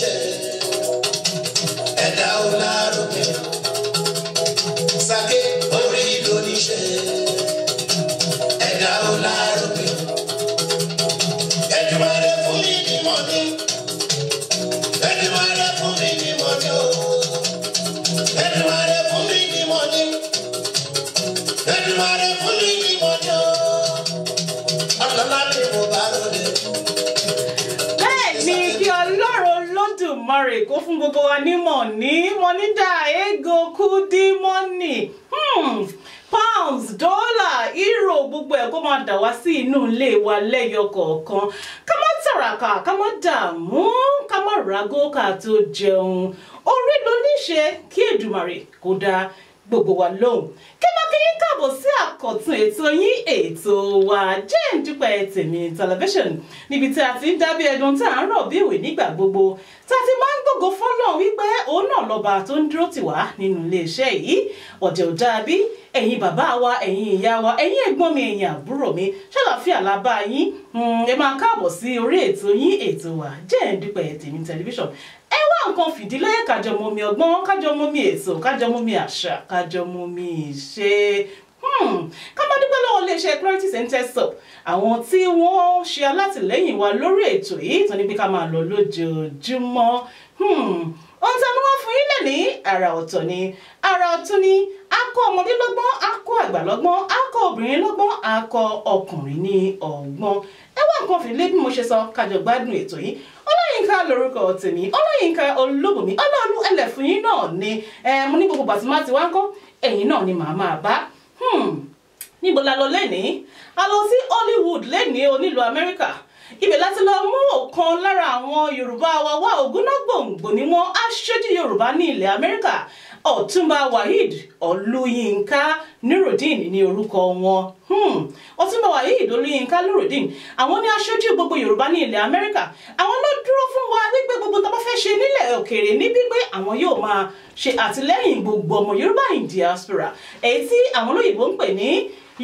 nation fún gbogbo wa nímọ̀ ní mọ́nídà ego kúdí mọ́nì hmm. pounds dọ́là euro gbogbo ẹ̀ kó máa dà wá sí inú ilé wa lẹ́yọ kọ̀ọ̀kan ká má tàràkà ká má dààmú ká má ràgó ká tó jẹun orí ló ní ṣe kí Èdùmàrè kó dáa gbogbo wa lóhùn kí ló kí yín káàbọ̀ sí àkọ́tún ètò yín ètò wa Jane Dúpẹ́ Tèmi Television níbi tí a ti ń dábí ẹdun tá à ń rọ̀ bí ìwé nígbà gbogbo tá a ti máa ń gbògo fọ́lọ́run wípé òun náà lọ́ba tó ń dúró tì wá nínú iléeṣẹ́ yìí ọ̀dẹ̀ ò dáa bí ẹ̀yin bàbá wa ẹ̀yin ìyá wa ẹ̀yin ẹ̀gbọ́n mi ẹ̀yin àbúrò mi ṣàlàfíà la yín hmm, ẹ máa káàbọ̀ sí orí ètò yín ètò wa Jane Dúpẹ́ Tèmi Television ẹ wá nǹkan fìdílé kájọmọ mi ọgbọ́n kájọmọ mi ètò kájọmọ mi àṣà kájọmọ mi ìṣe hmm, ká má dúpẹ́ lọ́wọ́ iléeṣẹ́ Creative and Tech-Up àwọn tí wọ́n ṣe alátìlẹ́yìn wa lórí ètò yìí tó ní pé ká máa lọ lójoojúmọ́ hmm, ohun tí a mú wá fún yín lẹ́ni àrà ọ̀tọ̀ ni àrà ọ̀tún ni a kọ́ ọmọdé lọ́gbọ́n a kọ́ àgbà lọ́gbọ́n a kọ́ obìnrin lọ́gbọ́n a kọ́ ọkùnrin ní ọgbọ́n ẹ wá nǹkan fìdílé bí mo ṣe sọ kájọ gbádùn ètò yìí ọlọ́ Ọláyínká lórúkọ tèmi Ọláyínká Olúbùnmi ọlọ́ọ̀lù ẹlẹ́fun yín náà ni mo ní gbogbo bàtí máa ti wá ń kọ́ ẹ̀yìn náà ni màá máa bá hmm, níbo la lọ lẹ́nìí a lọ sí Hollywood lẹ́nìí onílùú Amẹ́ríkà ibẹ̀ láti lọ mú ọ̀kan lára àwọn Yorùbá wa wá ògúnná gbòǹgbò ni wọ́n aṣojú Yorùbá ní ilẹ̀ Amẹ́ríkà ọ̀túnba waheed olúyinka nurudeen ní orúkọ wọn hmm. ọ̀túnba waheed olúyinka nurudeen àwọn ní aṣojú gbogbo yorùbá ní ilẹ̀ amẹ́ríkà àwọn ló dúró fún wa wípé gbogbo tó bá fẹ́ ṣe nílẹ̀ òkèèrè ní gbígbé àwọn yóò máa ṣe àtìlẹ́yìn gbogbo ọmọ yorùbá in diaspora èyí tí àwọn olóyìnbó ń pè ní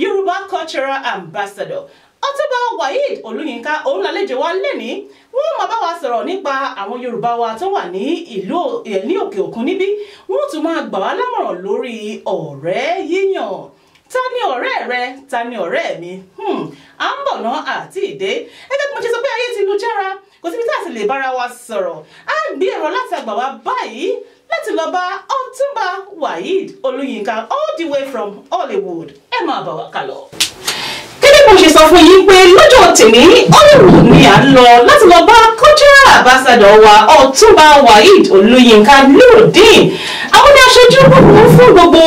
yorùbá cultural ambassador ọtúbà waheed olúyinka òun lálejò wa lẹ́ni wọ́n máa bá wa sọ̀rọ̀ nípa àwọn yorùbá wa tó wà ní ìlú eh, ní òkè òkun níbí wọ́n tún máa gbà wá lámọ̀ràn lórí ọ̀rẹ́ yíyàn ta ni ọ̀rẹ́ rẹ ta ni ọ̀rẹ́ mi hmm, à ń bọ̀ ná àti ìdè ẹgbẹ́ tí mo ṣe sọ pé ayé ti lu jára kò síbi tá a sì lè bára wa sọ̀rọ̀ á gbé ẹ̀rọ láti àgbà wa báyìí láti lọ bá ọtúnba waheed olúyinka all the way from hollywood ẹ máa bá wa kà mo ṣe sọ fún yín pé lọ́jọ́ tèmi Hollywood ni à ń lọ láti lọ bá cultural ambassador wa Ọ̀túnba Waheed Olúyinká Nurudeen àwọn ní aṣojú gbogbo fún gbogbo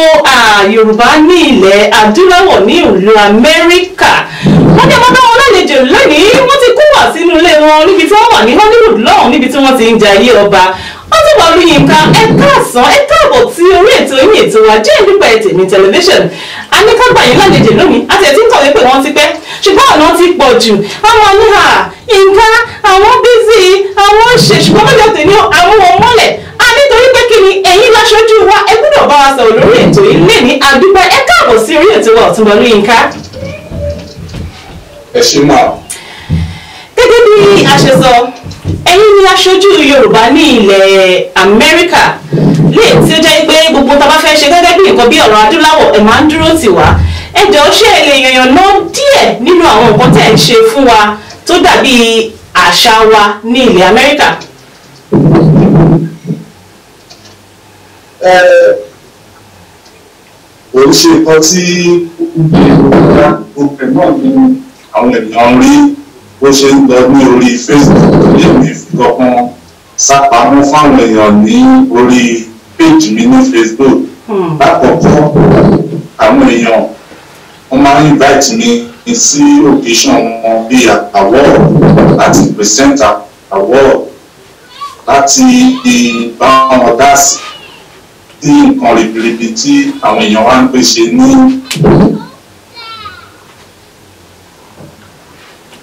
Yorùbá ní ilẹ̀ adúláwọ̀ ní ìlú Amẹ́ríkà wọ́n ní ọmọdé wọn lálejò lónìí wọ́n ti kó wà sínú ilé wọn níbi tí wọ́n wà ní Hollywood lọ́hùn níbi tí wọ́n ti ń jayé ọba olúwa olúyinka ẹ káàsán ẹ káàbọ̀ tí orí ètò yín ètò wa jẹ́ nípa ẹ̀tẹ̀ tẹlifíṣàn aníkágbà yín lálejò lónìí àti ẹ̀tí ń kọ̀wé pé wọ́n ti pẹ́ ṣùgbọ́n ọ̀nà ti pọ̀ jù ọmọ níhà yínká àwọn bízì àwọn ṣe ṣùgbọ́n mọ́jọ tèmi àwọn wọn mọ́lẹ̀ a nítorí pé kí ni ẹ̀yin láṣojú wa ẹ gbọ́dọ̀ bá wa sọ̀rọ̀ lórí ètò yìí lé ní àdúgbò ẹ káàbọ̀ sí orí ètò wa ọ̀túnbọ̀ olúyinka. ẹ ṣe máa. gẹ́gẹ́ bí a ṣe sọ ẹ̀yin ni aṣojú yorùbá ní ilẹ̀ amẹ́ríkà lè tí ó jẹ́ pé gbogbo tá a bá fẹ́ ṣe gẹ́gẹ́ bí nǹkan bí ọ̀rọ̀ adúláwọ̀ ẹ̀ máa ń dúró tì wá ẹ jọ̀ọ́ ṣé ẹ lè yànyàn ná díẹ̀ nínú àwọn nǹkan tẹ̀ ń ṣe fún wa tó dàbí àṣà wa ní ilẹ̀ amẹ́ríkà. ẹ ò ń ṣe nǹkan tí ó ń gbé ọ̀gá òkè náà ní àwọn ènìyàn rí bó ṣe ń lọ ní orí Facebook èmi kankan sápamọ́ fáwọn èèyàn ní orí page mi ní Facebook hmm. lákọ̀ọ́kọ́ àwọn èèyàn wọ́n máa ń invite mi sí occasion wọn bíi award àti presenter award láti bá wọn dá sí nǹkan ribiribi tí àwọn èèyàn wá ń pèsè ní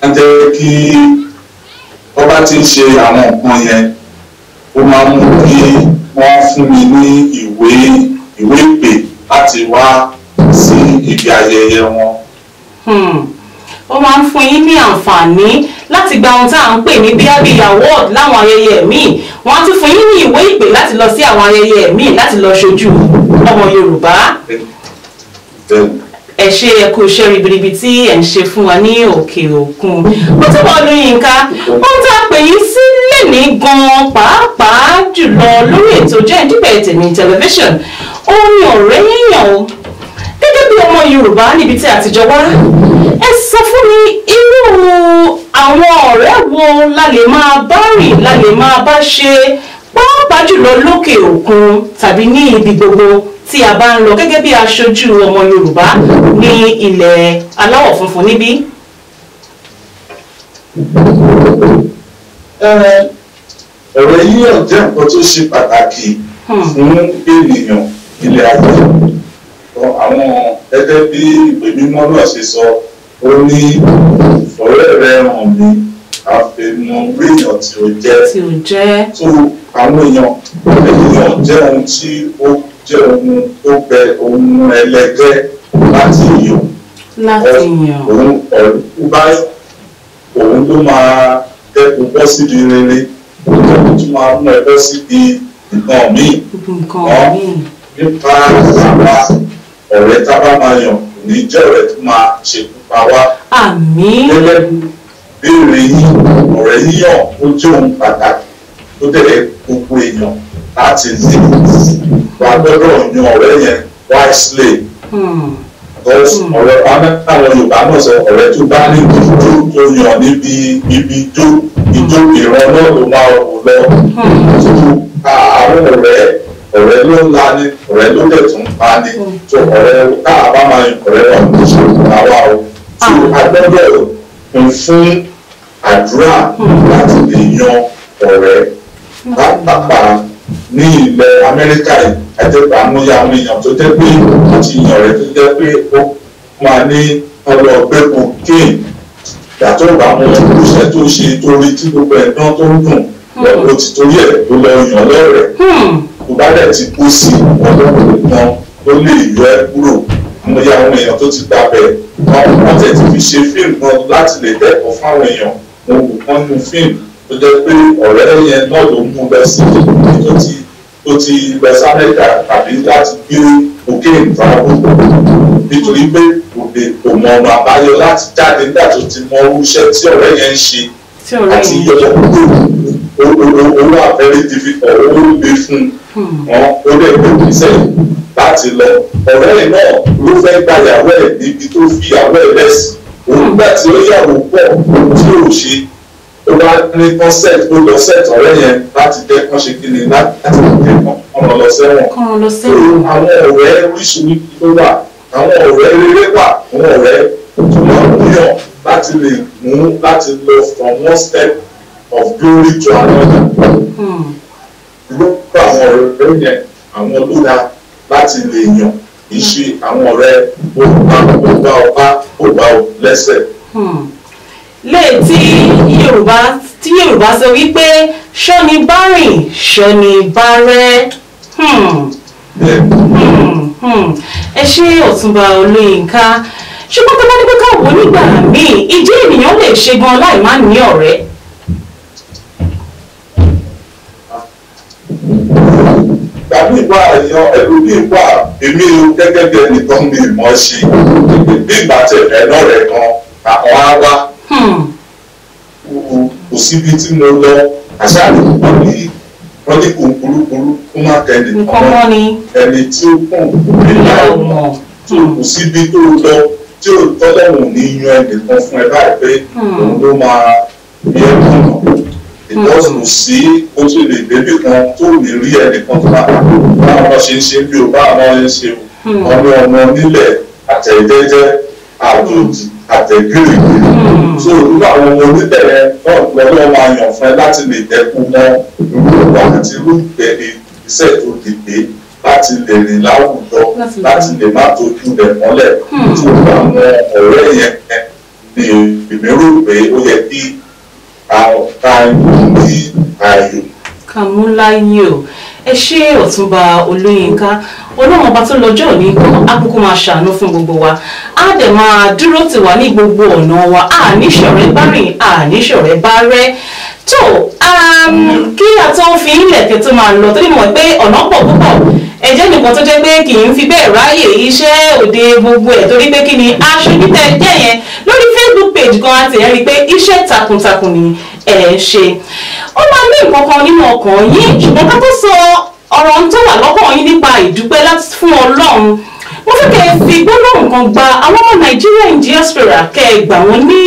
ń jẹ́ kí wọ́n bá ti ń ṣe àwọn nǹkan yẹn ó máa mú kí wọ́n fún mi ní ìwé ìwé ìpè láti wá sí ibi ayẹyẹ wọn. Hmm. ó máa ń fún yín ní àǹfààní láti gba ohun tá à ń pè ní bíábí award láwọn ayẹyẹ míì wọ́n á tún fún yín ní ìwé ìpè láti lọ sí àwọn ayẹyẹ míì láti lọ ṣojú ọmọ Yorùbá. bẹ́ẹ̀ni ẹ ṣe ẹ kú iṣẹ́ ribiribi tí ẹ ń ṣe fún wa ní òkè òkun mo túbọ̀ lu yínká ohun tá a pè yín sí lẹ́ni gan-an pàápàá jùlọ lórí ètò Ọjọ́ Ìdíbẹ̀ tèmi tẹlifíṣàn orin ọ̀rẹ́ yíyan o gẹ́gẹ́ bí ọmọ Yorùbá níbi tí a ti jọ wá ẹ sọ fún mi irú àwọn ọ̀rẹ́ wo la lè máa bá rìn la lè máa bá ṣe pàápàá jùlọ lókè òkun tàbí ní ibi gbogbo tí a bá ń lọ gẹ́gẹ́ bí aṣojú ọmọ Yorùbá ní ilẹ̀ aláwọ̀ funfun níbí. ọ̀rọ̀ yíyàn jẹ́ nǹkan tó ṣe pàtàkì hmm. fún ènìyàn ilẹ̀ ayé àwọn gẹ́gẹ́ bí ìwé mímọ́ náà ṣe sọ ó ní ọ̀rẹ́ rẹ hàn mí àfẹnumọ́ tí ó jẹ́ tó àwọn èèyàn èèyàn jẹ́ ohun tí ó jẹ́ ohun tó bẹ ohun ẹlẹgẹ́ láti yàn. láti yàn. òun ọ̀rùkú báyìí òun ló máa dẹ́kun bọ́ síbi rere òun tó máa mú ẹ bọ́ síbi nǹkan míì. nǹkan míì. nípa àwa ọ̀rẹ́ tá a bá máa yàn kò ní jẹ́ ọ̀rẹ́ tó máa ṣekú pa wá. àmín. gẹ́gẹ́ béèrè yín ọ̀rẹ́ yíyàn ó jẹ́ ohun pàtàkì tó tẹ̀lé gbogbo èèyàn láti ní wà á gbọ́dọ̀ yan ọ̀rẹ́ yẹn wisely hmm. because hmm. ọ̀rẹ́ àwọn Yorùbá náà sọ ọ̀rẹ́ tó bá ní ìjó tó yàn níbi ibi ijó ijó ìran náà ló máa wò lọ tó hmm. àwọn ọ̀rẹ́ ọ̀rẹ́ ló ń la ni ọ̀rẹ́ ló dẹ̀ tún pa ni tó ọ̀rẹ́ káà bá máa yan ọ̀rẹ́ wa kò ṣe òkúta wa o tó ah. a gbọ́dọ̀ kún fún àdúrà láti lè yan ọ̀rẹ́ pápá ní ilẹ̀ amẹ́ríkà yìí àjẹpẹ́ àmúyẹ àwọn èèyàn tó jẹ́ pé wọ́n ti yàn rẹ̀ tó jẹ́ pé ó máa ní ọlọ́ọ̀gbẹ́ cocaine yàtọ̀ àwọn olùṣẹ́ tó ṣe torí tí gbogbo ẹ̀dán tó ń dùn hmm. lọ́wọ́ ti torí ẹ̀ tó lọ yàn lọ́rẹ̀ tó hmm. bá dẹ̀ ti kú sí ọlọ́run kan tó lè yọ ẹ́ kúrò àmúyẹ àwọn èèyàn tó ti gbàbẹ̀ wọn kò tẹ̀ ti fi ṣe fíìmù náà láti lè dẹ́kọ̀ọ́ fáwọn èèyàn wọn kò kán nu fíìmù tó jẹ́ pé ọ̀rẹ́ yẹn náà ló mú lọ sí tó ti tó ti lọ sí amẹ́ríkà tàbí láti gbé cocaine farabó nítorí pé kò mọ ọmọ àbáyọ láti jáde nígbà tó ti mọ irú iṣẹ́ tí ọ̀rẹ́ yẹn ń ṣe àti yọjọ́ kúrò owó àfẹ́rẹ́ dìbìtọ̀ owó gbé fún hmm. wọn ó lè gbé sẹ́yìn láti lọ ọ̀rẹ́ yìí náà ló fẹ́ gba ìyàwó ẹ̀ níbi tó fi ìyàwó ẹ̀ lẹ́sìn òun gbà tí ó yàwó pọ̀ tí ò ṣe tó bá ní consent tó lọ set ọ̀rẹ́ yẹn láti jẹ́ kán ṣe kí láti jẹ́ kán lọ sẹ́wọ̀n. kán lọ sẹ́wọ̀n. àwọn ọ̀rẹ́ ló wà àwọn ọ̀rẹ́ rere wà àwọn ọ̀rẹ́ tó máa ń yàn láti lè mú láti lọ from one step of glory to another. gbogbo hmm. àwọn ọ̀rẹ́ yẹn àwọn ló láti lè yàn ìṣe àwọn ọ̀rẹ́ ọba ọba ọba lẹ́sẹ̀. Hmm. léè tí yóò yorùbá tí yorùbá sọ wípé ṣọ́ni bá rìn ṣọ́ni bá rẹ́ hmm. Hmm, hmm. ẹ ṣe ọ̀túnba olóyinka ṣùgbọ́n tó bá ní pé káwọ́ nígbà míì ìdí ènìyàn lè ṣe gan láì má ní ọ̀rẹ́. tàbí ìwà èèyàn ẹlòmíì wà èmi o gẹ́gẹ́ bí ẹnìkan mi mọ̀ ṣe bí ìgbà tẹ̀lé náà rẹ̀ gan àwọn á wá kò síbi tí mo lọ àṣàlù wọn ní wọn ní òǹkúrúkúrú kó má tẹ̀lé ẹni tí ó kàn nígbà wọn tí kò síbi tó lọ tí ó tọ́lọ́hùn ní yan ẹnìkan fún ẹ báyìí pé hmm. òun ló máa rí ẹ kùnà ìtọ́sùn hmm. sí ó tún lè débi kan tó lè rí ẹnìkan fún àwọn báwọn ṣe ń ṣe bí o báwọn ṣe ń ṣe o hmm. ọmọ ọmọ nílẹ̀ àtẹ̀jẹ́jẹ́ àdóòdì àtẹ̀jú ìwé hmm. so irú àwọn oníbẹ̀rẹ̀ náà lọ́wọ́ máa yàn fún ẹ láti lè dẹ́kun mọ́ irú ìwà àti irú ìgbẹ́ni iṣẹ́ tó dìde láti lè rìn láwùjọ láti lè má tójú rẹ̀ mọ́lẹ̀ tó hmm. àwọn ọ̀rẹ́ yẹn ni èmi rò pé ó yẹ kí àwọn ká ní ààyò. kàmúláyò ẹ ṣe ọ̀túnba olóyinka ọlọ́run ọba tó lọ́jọ́ òní kan akókó máa ṣàánú fún gbogbo wa á dẹ̀ máa dúró tì wá ní gbogbo ọ̀nà wa àníṣọ̀rẹ́ bá rìn àníṣọ̀rẹ́ bá rẹ́ tó um, kí a tó fi ilẹ̀kẹ̀ tó máa lọ torí mọ̀ pé ọ̀nà pọ̀ púpọ̀ ẹ jẹ́ nìkan tó jẹ́ pé kì í fi bẹ́ẹ̀ ráyè iṣẹ́ òde gbogbo ẹ̀ torí pé kí ni aṣojú tẹ jẹ́ yẹn méjèèjì gan àti ẹ̀rí pé iṣẹ́ takuntakun ni ẹ̀ ṣe ó máa ní nǹkan kan nínú ọkàn yín ṣùgbọ́n ká tó sọ ọ̀rọ̀ tó wà lọ́kàn yín nípa ìdúpẹ́ láti fún Ọlọ́run mo fẹ́ kẹ́ ẹ fi gbólóhùn kan gba àwọn ọmọ Nàìjíríà diaspora kẹ́ ẹ gbà wọ́n ní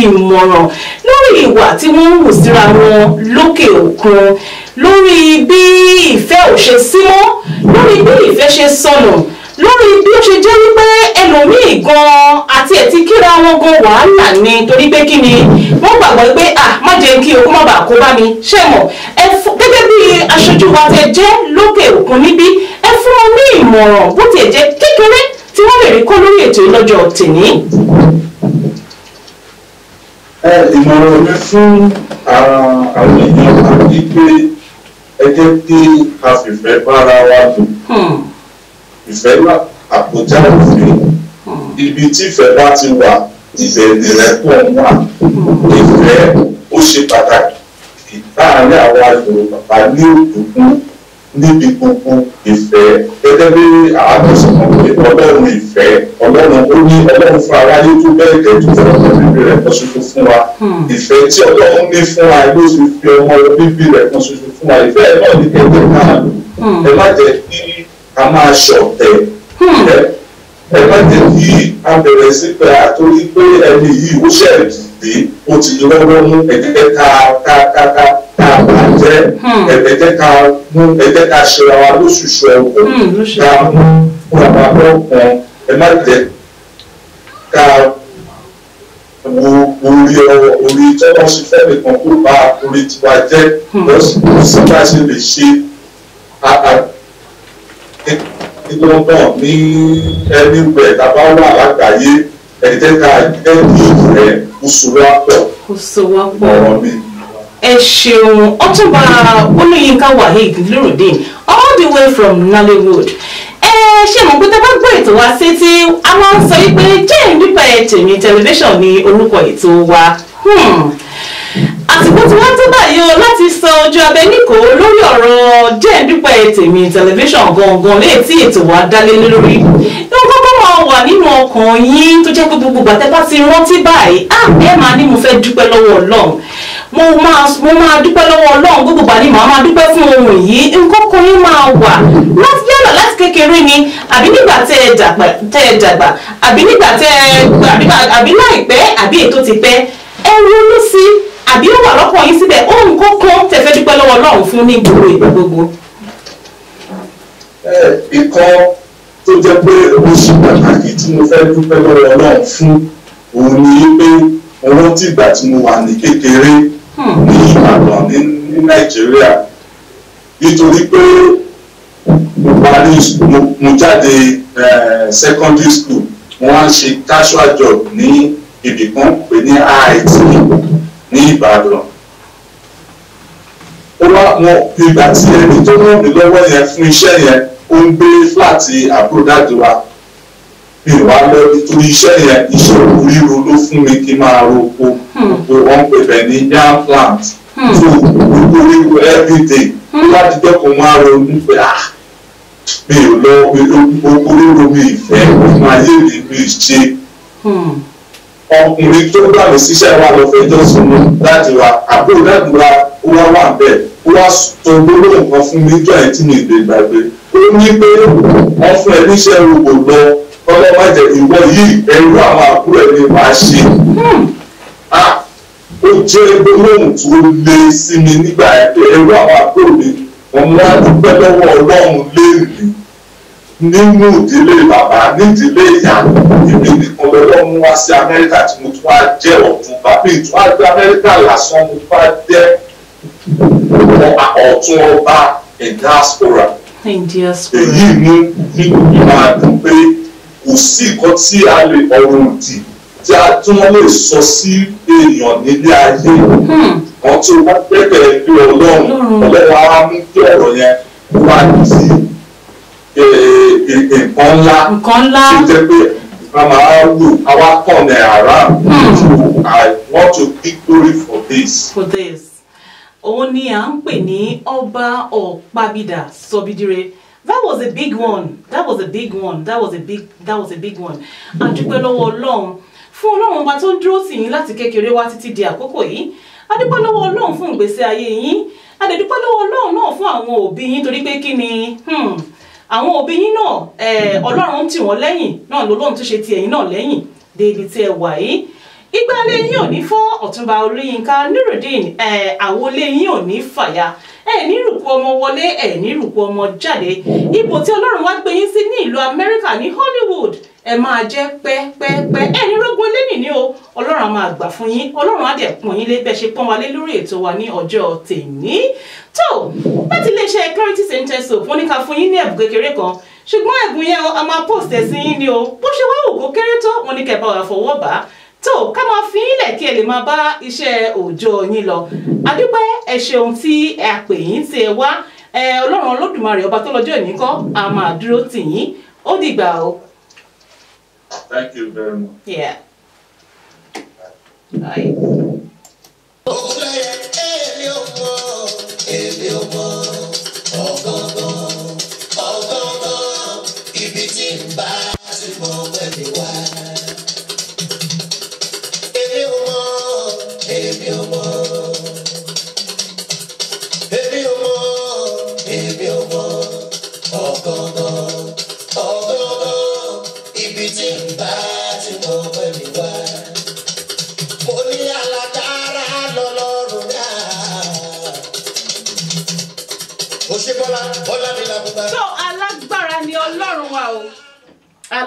ìmọ̀ràn lórí ìwà tí wọ́n ń wù síra wọn lókè òkun lórí bí ìfẹ́ ò ṣe símọ́ lórí bí ìfẹ́ ṣe sọnù lórí bí ó ṣe jẹ́ wípé ẹlòmíì gan-an tiẹ̀ ti kíra wọn gan wàhálà ni torí pé kí ni wọ́n gbàgbọ́ pé à má jẹ́ kí okun má bàa kó bá mi ṣé mọ̀ ẹ gẹ́gẹ́ bí aṣojú wa tẹ jẹ́ lókè òkun níbí ẹ fún wọn ní ìmọ̀ràn bó tiẹ̀ jẹ́ kékeré tí wọ́n lè rí kó lórí ètò ìlọ́jọ́ tèmi. ẹ ìmọ̀ràn mi fún àwọn èèyàn àti pé ẹ jẹ́ kí a fìfẹ́ bára wa dùn hmm. ìfẹ́ àpòjá òfin ibi tí ìfẹ́ bá ti wà ìfẹ́ ìrẹ́pọ̀ wà ìfẹ́ ó ṣe pàtàkì láàárín àwa Yorùbá ní òkùnkùn níbi gbogbo ìfẹ́ gẹ́gẹ́ bí àánú sọ̀rọ̀ pé ọlọ́run ìfẹ́ ọlọ́run ó ní ọlọ́run fún aráyé tó bẹ́ẹ̀ gẹ̀ẹ́jú fún ọmọ bíbí rẹ̀ kan ṣoṣo fún wa hmm. ìfẹ́ tí ọlọ́run ní fún wa ló fi fi ọmọ bíbí rẹ̀ kan ṣoṣo fún wa ìfẹ́ náà ní kẹ́kẹ́ náà hmm. ẹ má jẹ́ kí a máa ṣọ̀tẹ̀ hmm ẹ má jẹ́ kí a bẹ̀rẹ̀ sí pé àtòrí pé ẹni yìí ó ṣẹ̀ dìde ó ti lọ́wọ́ mú ẹ̀jẹ̀ ká ká ká ká ká bàjẹ́ ẹ̀jẹ̀ ká mú ẹ̀jẹ̀ ká ṣera wa lóṣooṣù ẹ̀wọ̀ ká mú ọ̀rọ̀ ọ̀kan ẹ má jẹ́ ká wo orí ọwọ́ orí tí wọ́n ṣe fẹ́ nìkan kó bà orí tiwa jẹ́ lọ́sibà hmm. ṣe lè ṣe ní London ní anywhere tá a bá wà lágbàáyé ẹ jẹ́ ká ẹ̀dí rẹ̀ kó so wá pọ̀. kó so wá pọ̀ ọ̀rọ̀ mi. ẹ ṣeun ọtúnba olóyinka waheed lórúdín all the way from Nollywood ṣe mọ̀ pé tẹ́gbọ́n gbọ́ ètò wa sétí a máa ń sọ pé jẹ́ ìdúpẹ́ tèmi tẹlifíṣàn ní orúkọ ètò wa. Hmm àsìkò tí wọ́n tó báyìí o láti san ojú abẹ níkò lórí ọ̀rọ̀ jẹ́ dúpẹ́ tèmi tẹlifíṣàn gangan léè tí ètò wa dálé lórí ní wọ́n kọ́kọ́ máa wà nínú ọkàn yín tó jẹ́ pé gbogbo gbàtẹ́ bá ti rántí báyìí á ẹ máa ní mo fẹ́ dúpẹ́ lọ́wọ́ Ọlọ́run mo máa mo máa dúpẹ́ lọ́wọ́ Ọlọ́run gbogbo gbà ni màá máa dúpẹ́ fún ohun yìí nǹkan kan yín máa wà láti yálà láti kékeré ni àbí nígbà tẹ́ ẹ dàgbà tẹ́ ẹ dàgbà àbí nígbà tẹ́ ẹ àbí láìpẹ́ àbí ètò ti pẹ́ ẹ ronú sí i àbí ó wà lọ́pọ̀ yín síbẹ̀ ohun kókó tẹ̀fẹ́ dúpẹ́ lọ́wọ́ Ọlọ́run fún ní gbogbo ìgbà gbogbo. ikọ̀ tó jẹ́ pé ó ṣe pàtàkì tí mo fẹ́ dúpẹ́ lọ́wọ́ Ọlọ́run fún òun ni pé owó tìgbà tí mo wà ní kékeré hmm. ní Ìbàdàn ní Nàìjíríà nítorí pé mo parí mo jáde secondary school mo wá ṣe casual job ní ibì kan pè ní AIT Ìbàdàn ó wá mọ ìgbà tí ẹni tó ràn mí lọ́wọ́ yẹn fún iṣẹ́ yẹn ó ń gbé fúláàtì àbúrò dáàdì wa mi wá lọ nítorí iṣẹ́ yẹn iṣẹ́ òkú ríro ló fún mi kí n máa roko òkú hmm. wọn pè bẹ́ẹ̀ ní yam plant tó òkú ríro everyday hmm. láti jẹ́ kó máa ronú pé ah mi ò lọ òkú ríro mi ìfẹ́ òkú ayé mi mi ṣe. Hmm ọkùnrin tó gbà mí síṣẹ́ wa lọ fẹ́ jọ́sìn ní dáàdì wa àbúrò dáàdì wa ó wá wà bẹ́ẹ̀ ó wá sọ gbogbo nǹkan fún mi jọ ẹ̀ tí mi lè gbàgbé ó ní pé wọ́n fún ẹ níṣẹ́ rògbò lọ kọ́lọ́ má jẹ ìwọ yìí ẹrú àwọn àbúrò ẹ̀ ni wàá ṣe ó jẹ́ gbólóhùn tó le sí mi nígbà ẹ̀rú àwọn àbúrò mi wọ́n mú dúpẹ́ lọ́wọ́ ọlọ́run léèrè nínú ìdílé bàbá nídìílé ìyá èmi nìkan lọ́wọ́ mú wá sí amẹ́ríkà tí mo tún wá jẹ́ ọ̀tún bàbá ìtún àgbẹ amẹ́ríkà lásán mo tún wá jẹ́ ọ̀tún ọba diaspora èyí mú mi máa dùn pé kò sí nǹkan tí a lè ọ̀rọ̀ òdì tí a tún lè sọ sí èèyàn nílé ayé hmm. wọn tó wá gbẹ́kẹ̀ lé ọlọ́run ọlọ́run á mú kí ọ̀rọ̀ yẹn wá sí. Eh, nǹkan ńlá nǹkan ńlá ṣe jẹ́ pé a máa wù àwa turn ẹ̀ around so I want to give glory for this. for this òun ni à ń pè ní ọba ọ̀pábídà sọbídire. that was a big one that was a big one that was a big that was a big one adúpẹ́ lọ́wọ́ ọlọ́run fún ọlọ́run ọba tó ń dúró tì yín láti kékeré wá títí di àkókò yìí adúpẹ́ lọ́wọ́ ọlọ́run fún ìgbésí ayé yín adẹ̀dúpẹ́ lọ́wọ́ ọlọ́run náà fún àwọn òbí yín torí pé kí ni hmm àwọn òbí yín náà ọlọ́run tì wọ́n lẹ́yìn náà lọ́lọ́run tó ṣe ti ẹ̀yin náà lẹ́yìn débi tí ẹ wà yìí ìgbà lé yín ò ní fọ́ ọ̀túnba olóyinka nurudeen àwo lé yín ò ní fàya ẹ ní rùkú ọmọ wọlé ẹ ní ọmọ jáde ipò tí ọlọ́run wá gbé yín sí ní ìlú amẹ́ríkà ní hollywood ẹ máa jẹ́ pẹ́pẹ́pẹ́ ẹ ní rógún lẹ́nìí ní o ọlọ́run á máa gbà fún yín ọlọ́run á dẹ̀ pọ́n yín lé bẹ́ẹ̀ ṣe pọ́n wa lé lórí ètò wa ní ọjọ́ tèmi tó láti iléeṣẹ́ Clarity Center Soap wọ́n ní ká fún yín ní ẹ̀bùn kékeré kan ṣùgbọ́n ẹ̀bùn yẹn a máa post ẹ̀ sí yín ni o bó ṣe wá òògùn kéré tó wọ́n ní kẹ́ bá wa fọwọ́ bá tó ká máa fi yín lẹ̀ kí ẹ lè máa bá iṣẹ́ òòjọ́ yín lọ adúpẹ́ ẹ ṣeun tí ẹ pè yín tí ẹ wá ọlọ́run olódùmarè ọba tó lọ́jọ́ ìníkọ́ a máa dúró tì yín ó dìgbà Thank you very much. Yeah. Bye.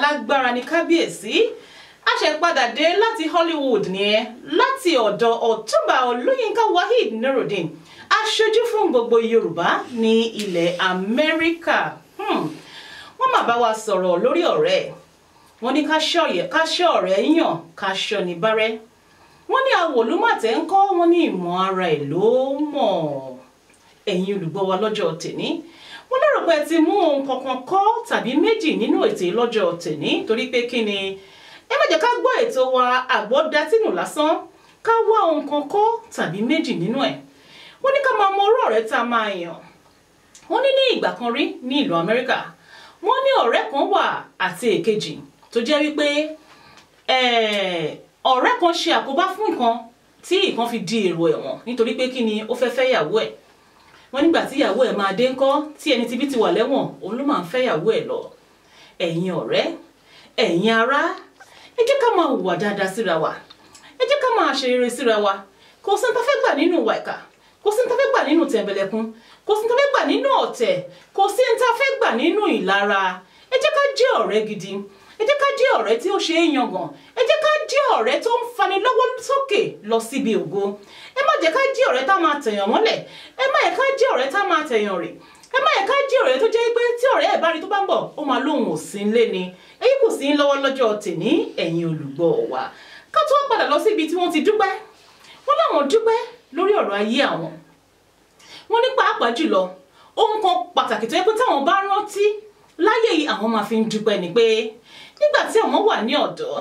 alágbára ní kábíyèsí a ṣe padà dé láti Hollywood nìyẹn láti ọ̀dọ̀ ọ̀túnba olóyinka waheed nurudeen aṣojú fún gbogbo yorùbá ní ilẹ̀ amẹ́ríkà hmm, wọ́n mà bá wa sọ̀rọ̀ lórí ọ̀rẹ́ ẹ̀ wọ́n ní ká ṣọ́ ọ̀rẹ́ yàn ká ṣọ́ ní bárẹ́ wọ́n ní awòlúmọ̀tẹ́ ń kọ́ wọ́n ní ìmọ̀ ara ẹ̀ ló mọ̀ ẹ̀yin olùgbọ́ wa lọ́jọ́ tèmi mo lérò pé ẹ ti mú ohun kankan kọ́ tàbí méjì nínú ètò ìlọ́jọ́ tèmi torí pé kí ni ẹ má jẹ́ ká gbọ́ ètò wa àgbọ̀ dátìnù lásán ká wá ohun kan kọ́ tàbí méjì nínú ẹ̀ wọ́n ní ká máa mọ orú ọ̀rẹ́ tá a máa yàn wọ́n ní ní ìgbà kan rí ní ìlú Amẹ́ríkà wọ́n ní ọ̀rẹ́ kan wà àti èkejì tó jẹ́ wípé ọ̀rẹ́ kan ṣe àkóbá fún nǹkan tí ìkan fi di èrò ẹ̀wọ̀n nítorí pé kí ni ó fẹ́ fẹ́ yàwó ẹ̀ wọ́n nígbà tí ìyàwó ẹ̀ máa dé ńkọ́ tí ẹni tibí ti wà lẹ́wọ̀n òun ló máa ń fẹ́ ìyàwó ẹ̀ lọ ẹ̀yin ọ̀rẹ́ ẹ̀yin ará ẹ jẹ́ ká máa hùwà dáadáa síra wa ẹ jẹ́ ká máa ṣe rere síra wa kò sí ní tá gbà nínú ìwà kò sí ní tá gbà nínú tẹ̀m̀bẹ̀lẹ̀kun kò sí ní tá gbà nínú ọ̀tẹ̀ kò sí ní tá gbà nínú ìlara ẹ jẹ́ ká jẹ́ ọ̀rẹ́ gidi ẹ jẹ́ ká jẹ́ ọ̀rẹ́ tí ó ṣe é yangàn ẹ jẹ́ ká jẹ́ ọ̀rẹ́ tó ń fani lọ́wọ́ sókè lọ síbi ògo ẹ má jẹ́ ká jí ọ̀rẹ́ tá máa tẹ̀yàn mọ́lẹ̀ ẹ má jẹ́ ká jí ọ̀rẹ́ tá máa tẹ̀yàn rè ẹ má jẹ́ ká jí ọ̀rẹ́ tó jẹ́ pé tí ọ̀rẹ́ ẹ̀ bá rí tó bá ń bọ̀ ó máa lóhùn òsín lé ni èyí kò sí lọ́wọ́ lọ́jọ́ tèmi ẹ̀yin olùgbọ́ wa ká tó padà lọ síbi tí wọ́n ti dúpẹ́ wọ́n láwọn dúpẹ́ lórí ọ̀rọ̀ ayé àwọn wọ́n ní pàápàá jùlọ ohun kan pàtàkì tó yẹ pé táwọn bá rántí láyé yìí àwọn máa fi ń dúpẹ́ ni pé nígbà tí àwọn wà ní ọ̀dọ́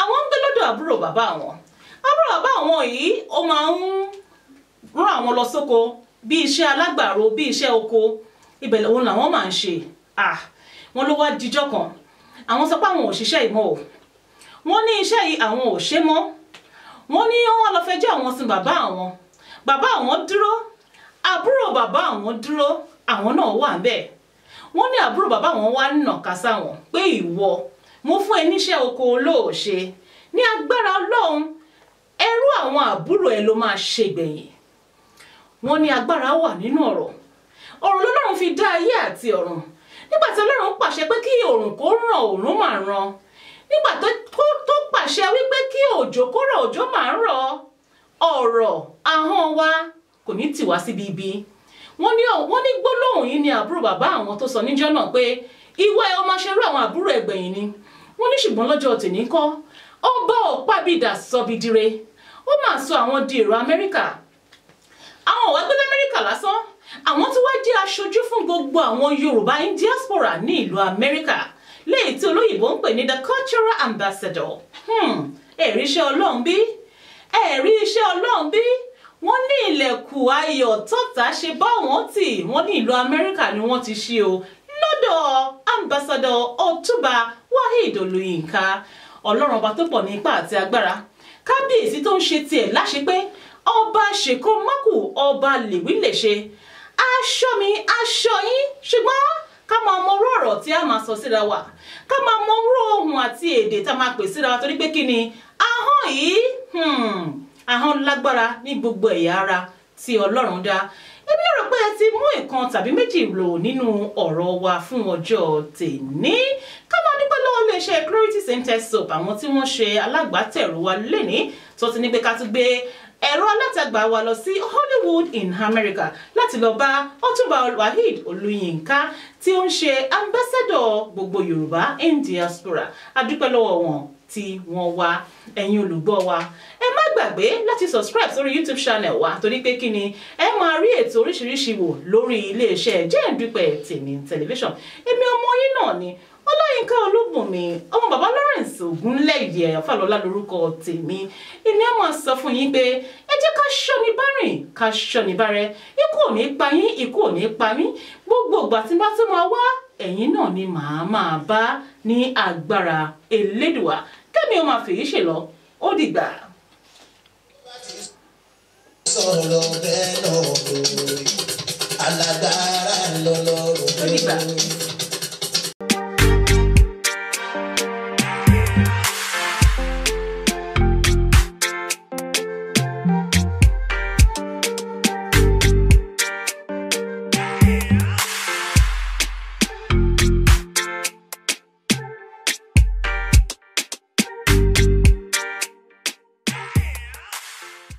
àwọn ń gbé lọ́dọ̀ àbúrò bàbá àwọn àbúrò bàbá àwọn yìí ó máa ń rán àwọn lọ sóko bí iṣẹ́ alágbàro bí iṣẹ́ oko ibẹ̀ òun làwọn máa ń ṣe wọn ló wá dijọ́ kan àwọn sọ pé àwọn ò ṣiṣẹ́ ìmọ̀ o wọ́n ní iṣẹ́ yìí àwọn ò ṣe mọ́ wọ́n ní wọ́n lọ fẹjọ́ àwọn sùn bàbá àwọn bàbá àwọn dúró àbúrò bàbá àwọn dúró àwọn náà wà bẹ́ẹ̀ wọ́n ní àbúrò bàbá àwọn wá nàka sáwọn pé ìwọ mo fún ẹ níṣẹ́ oko olóòṣe ní agbára ọlọ́run ẹrú àwọn àbúrò ẹ ló máa ṣe gbẹ̀yìn wọ́n ní agbára wà nínú ọ̀rọ̀ ọ̀rọ̀ lọ́lọ́run fi dá ayé àti ọ̀run nígbà tí ọlọ́run pàṣẹ pé kí òòrùn kó ràn òòrùn máa ràn nígbà tó pàṣẹ wípé kí òjò kó rọ̀ òjò máa rọ̀ ọ̀rọ̀ ahọ́n wa kò ní tì wá síbi ibi wọ́n ní wọ́n ní gbólóhùn yìí ni àbúrò bàbá àwọn tó sọ níjọ́ náà pé ìwà ẹ̀ ọmọ aṣẹ́rú àwọn àbúrò ẹ̀gbẹ̀yìn ni wọ́n ní ṣùgbọ́n lọ́jọ́ tèmi kọ́ ọba ọ̀pábìdà sọbidire ó mà sọ àwọn di èrò amẹ́ríkà àwọn ò wá gbé lamẹ́ríkà lásán àwọn tí wá jẹ́ aṣojú fún gbogbo àwọn yorùbá in diaspora ní ìlú amẹ́ríkà léyìí tí olóyìnbó ń pè ní the cultural ambassador hmm, ẹ̀rí iṣẹ́ ọlọ́run bí ẹ̀rí iṣẹ́ ọlọ́run bí wọ́n ní ilẹ̀kùn ayọ̀ tọ́ta ṣe bá wọn tì wọ́n ní ìlú amẹ́ríkà ni wọ́n ti ṣe o lọ́dọ̀ ambassador ọ̀túnba waheed olùyìnká ọlọ́run ọba tó pọ̀ ní ipá àti agbára kábíyèsí tó ń ṣe tiẹ̀ láṣẹ pé ọba ṣèkó mọ́kù ọba lèwí lè ṣe aṣọ mi aṣọ yín ṣùgbọ́n ká máa mọ orú ọ̀rọ̀ tí a máa sọ síra wa ká máa mọ orú ohun àti èdè tá a máa pè síra wa torí pé kí ni ahọ́n yìí hmm, ahọ́n lágbára ní gbogbo ẹ̀yà ara tí ọlọ́run dá èmi lérò pé ẹ ti mú nǹkan tàbí méjì lò nínú ọ̀rọ̀ wa fún ọjọ́ tèmi ká máa dúpẹ́ lọ iléeṣẹ́ Clarity Scented Soap àwọn tí wọ́n ṣe alágbàtẹ̀rù wa lẹ́ni tó ti ní pé ká tún gbé ẹ̀rọ alátagbà wa lọ sí Hollywood in America láti lọ bá Ọ̀túnba Waheed Olúyinká tí ó ń ṣe ambassadọ̀ gbogbo Yorùbá in diaspora adúpẹ́ lọ́wọ́ wọn tí wọ́n wá ẹ̀yin olùgbọ́ wa ẹ má gbàgbé láti subscribe sórí youtube channel wa torí pé kí ni ẹ máa rí ètò oríṣiríṣi wò lórí iléeṣẹ́ jẹ́ ìdúpẹ́ tèmi tẹlifíṣàn èmi ọmọ yín náà ni ọlọ́yinka olúbùnmi ọmọ bàbá lawrence ògúnlẹ̀yẹ ọ̀fàlọ́lá lórúkọ tèmi èmi á sọ fún yín pé ẹ jẹ́ ká ṣọ́ni bá rìn ká ṣọ́ni bá rẹ ikú ò ní pa yín ikú ò ní pa mí gbogbo ìgbà tí bá tún máa wá ẹ̀yìn náà ni màá máa bá ní agbára elédùà kẹ́mi ó máa ṣe lọ ó dìgbà. ó dìgbà.